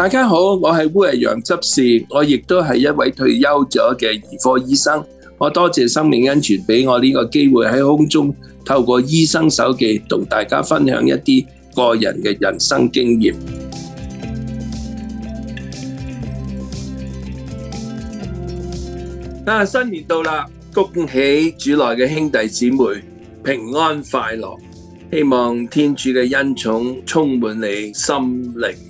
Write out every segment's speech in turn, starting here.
大家好，我係烏日陽執事，我亦都係一位退休咗嘅兒科醫生。我多謝生命恩泉俾我呢個機會喺空中透過醫生手記同大家分享一啲個人嘅人生經驗。啊，新年到啦，恭喜主內嘅兄弟姊妹平安快樂，希望天主嘅恩寵充滿你心靈。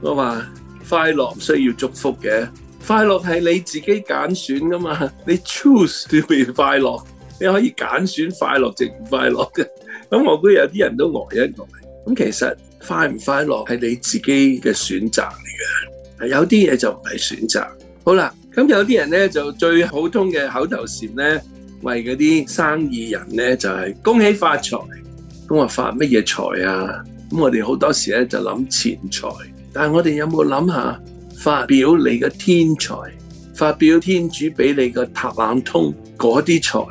我話快樂唔需要祝福嘅，快樂係你自己揀選噶嘛，你 choose to be 快樂，你可以揀選快樂定唔快樂嘅。咁我估有啲人都呆一呆。咁其實快唔快樂係你自己嘅選擇嚟嘅，有啲嘢就唔係選擇好了。好啦，咁有啲人咧就最普通嘅口頭禪咧，為嗰啲生意人咧就係恭喜發財。咁我發乜嘢財啊？咁我哋好多時咧就諗錢財，但係我哋有冇諗下發表你嘅天才，發表天主俾你嘅塔冷通嗰啲財，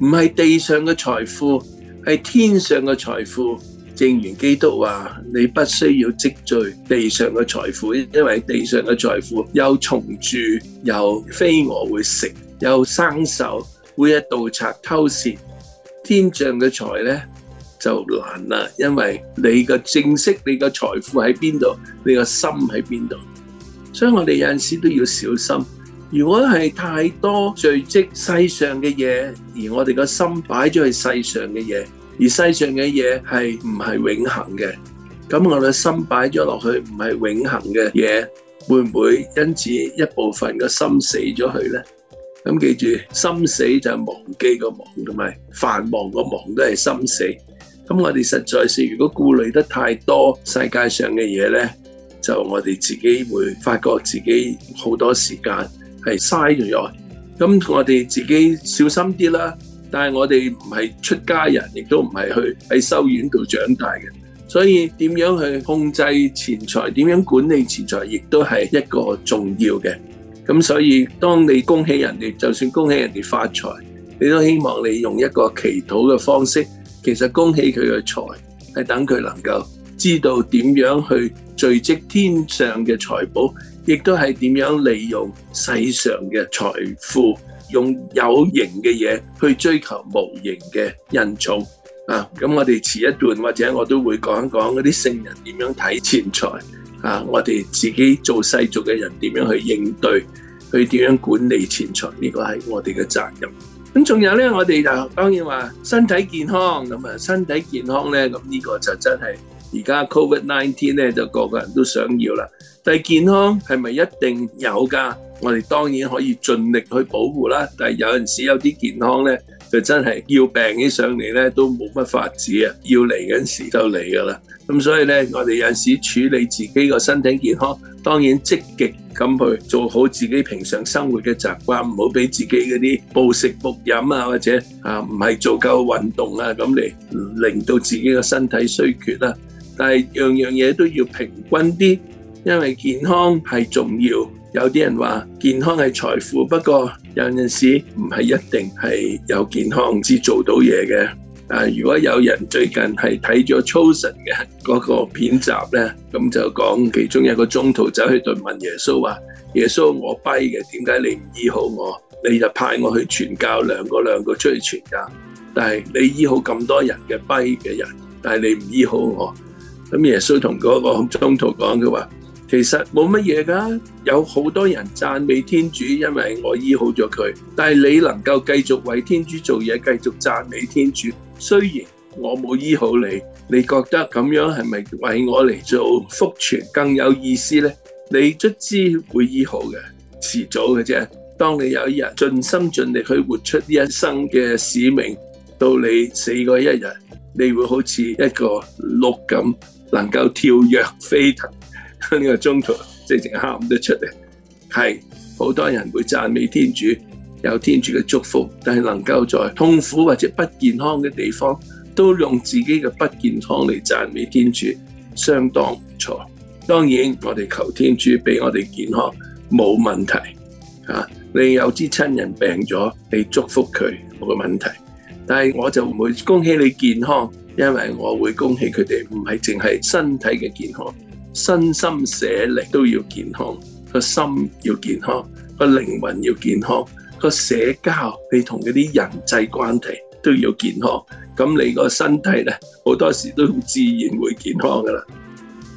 唔係地上嘅財富，係天上嘅財富。正如基督話：你不需要積聚地上嘅財富，因為地上嘅財富有蟲蛀，有飛蛾會食，有生鏽會有盜賊偷竊。天上嘅財呢？就難啦，因為你嘅正式、你嘅財富喺邊度，你個心喺邊度，所以我哋有陣時都要小心。如果係太多聚積世上嘅嘢，而我哋個心擺咗喺世上嘅嘢，而世上嘅嘢係唔係永恆嘅，咁我哋心擺咗落去唔係永恆嘅嘢，會唔會因此一部分嘅心死咗去呢？咁記住，心死就係忘記個忘，同埋繁忙個忙都係心死。咁我哋實在是，如果顧慮得太多世界上嘅嘢咧，就我哋自己會發覺自己好多時間係嘥咗。咁我哋自己小心啲啦。但係我哋唔係出家人，亦都唔係去喺修院度長大嘅。所以點樣去控制錢財，點樣管理錢財，亦都係一個重要嘅。咁所以當你恭喜人哋，就算恭喜人哋發財，你都希望你用一個祈禱嘅方式。其實恭喜佢嘅財，係等佢能夠知道點樣去聚積天上嘅財寶，亦都係點樣利用世上嘅財富，用有形嘅嘢去追求無形嘅恩寵。啊，咁我哋遲一段或者我都會講一講嗰啲聖人點樣睇錢財。啊，我哋自己做世俗嘅人點樣去應對，去點樣管理錢財，呢個係我哋嘅責任。咁仲有咧，我哋就當然話身體健康咁啊，身體健康咧咁呢個就真係而家 covid nineteen 咧，就個個人都想要啦。但係健康係咪一定有噶？我哋當然可以盡力去保護啦。但係有陣時有啲健康咧。就真係要病起上嚟咧，都冇乜法子啊！要嚟緊時就嚟噶啦。咁所以咧，我哋有陣時處理自己個身體健康，當然積極咁去做好自己平常生活嘅習慣，唔好俾自己嗰啲暴食暴飲啊，或者啊唔係做夠運動啊，咁嚟令到自己個身體衰竭啦。但係樣樣嘢都要平均啲，因為健康係重要。有啲人話健康係財富，不過。有陣時唔係一定係有健康先做到嘢嘅。啊，如果有人最近係睇咗《The Chosen》嘅嗰個片集咧，咁就講其中一個宗徒走去對問耶穌話：耶穌，我跛嘅，點解你唔醫好我？你就派我去傳教，兩個兩個出去傳教，但係你醫好咁多人嘅跛嘅人，但係你唔醫好我。咁耶穌同嗰個宗徒講佢話。其實冇乜嘢噶，有好多人讚美天主，因為我醫好咗佢。但係你能夠繼續為天主做嘢，繼續讚美天主，雖然我冇醫好你，你覺得咁樣係咪為我嚟做福傳更有意思呢？你卒之會醫好嘅，遲早嘅啫。當你有一日盡心盡力去活出一生嘅使命，到你死嗰一日，你會好似一個鹿咁，能夠跳躍飛騰。呢 個中途即係淨喊得出嚟，係好多人會讚美天主，有天主嘅祝福，但係能夠在痛苦或者不健康嘅地方，都用自己嘅不健康嚟讚美天主，相當唔錯。當然我哋求天主俾我哋健康冇問題，吓你有支親人病咗，你祝福佢冇問題，但係我就唔會恭喜你健康，因為我會恭喜佢哋唔係淨係身體嘅健康。身心社靈都要健康，個心要健康，個靈魂要健康，個社交你同嗰啲人際關係都要健康，咁你個身體咧好多時都自然會健康噶啦。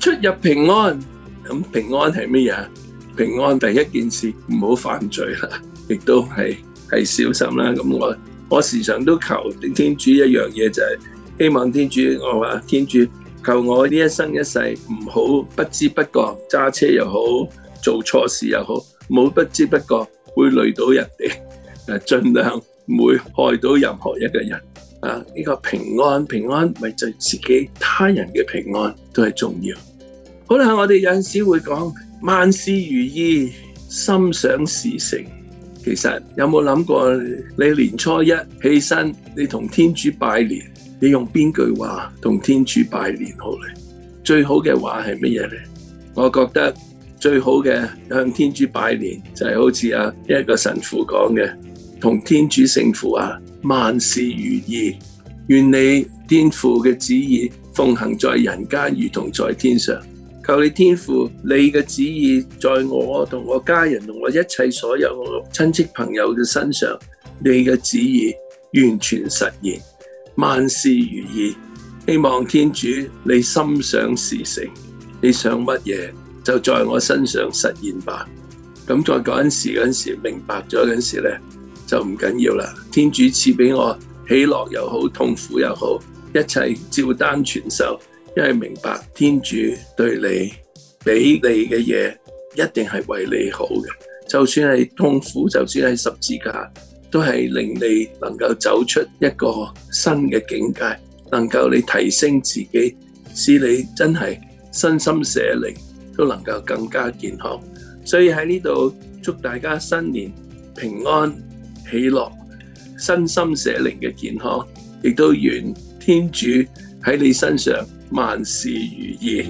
出入平安，咁平安係咩嘢啊？平安第一件事唔好犯罪啦，亦都係係小心啦。咁我我時常都求天主一樣嘢就係希望天主我話天主，求我呢一生一世唔好不知不覺，揸車又好，做錯事又好，冇不知不覺會累到人哋，誒、啊、盡量唔會害到任何一個人啊！呢個平安，平安咪就自己他人嘅平安都係重要。好啦，我哋有陣時會講萬事如意，心想事成。其實有冇諗過你年初一起身，你同天主拜年？你用邊句話同天主拜年好咧？最好嘅話係乜嘢呢？我覺得最好嘅向天主拜年就係好似啊一個神父講嘅，同天主聖父啊，萬事如意，願你天父嘅旨意奉行在人間，如同在天上。求你天父，你嘅旨意在我同我家人同我一切所有親戚朋友嘅身上，你嘅旨意完全實現。萬事如意，希望天主你心想事成，你想乜嘢就在我身上實現吧。咁在嗰陣時，嗰陣時明白咗嗰陣時咧，就唔緊要啦。天主賜俾我喜樂又好，痛苦又好，一切照單全收，因為明白天主對你俾你嘅嘢一定係為你好嘅，就算係痛苦，就算係十字架。都係令你能夠走出一個新嘅境界，能夠你提升自己，使你真係身心社靈都能夠更加健康。所以喺呢度祝大家新年平安喜樂，身心社靈嘅健康，亦都願天主喺你身上萬事如意。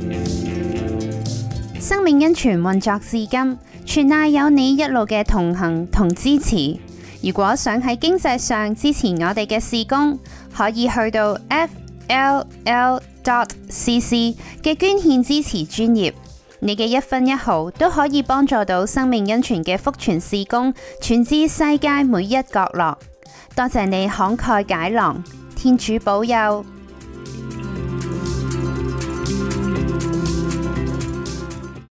生命恩泉運作至今，全賴有你一路嘅同行同支持。如果想喺經濟上支持我哋嘅事工，可以去到 fll.cc 嘅捐獻支持專業，你嘅一分一毫都可以幫助到生命恩泉嘅福傳事工，傳至世界每一角落。多謝你慷慨解囊，天主保佑。